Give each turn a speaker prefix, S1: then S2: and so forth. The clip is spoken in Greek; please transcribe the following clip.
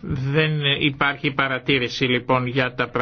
S1: Δεν υπάρχει παρατήρηση λοιπόν
S2: για τα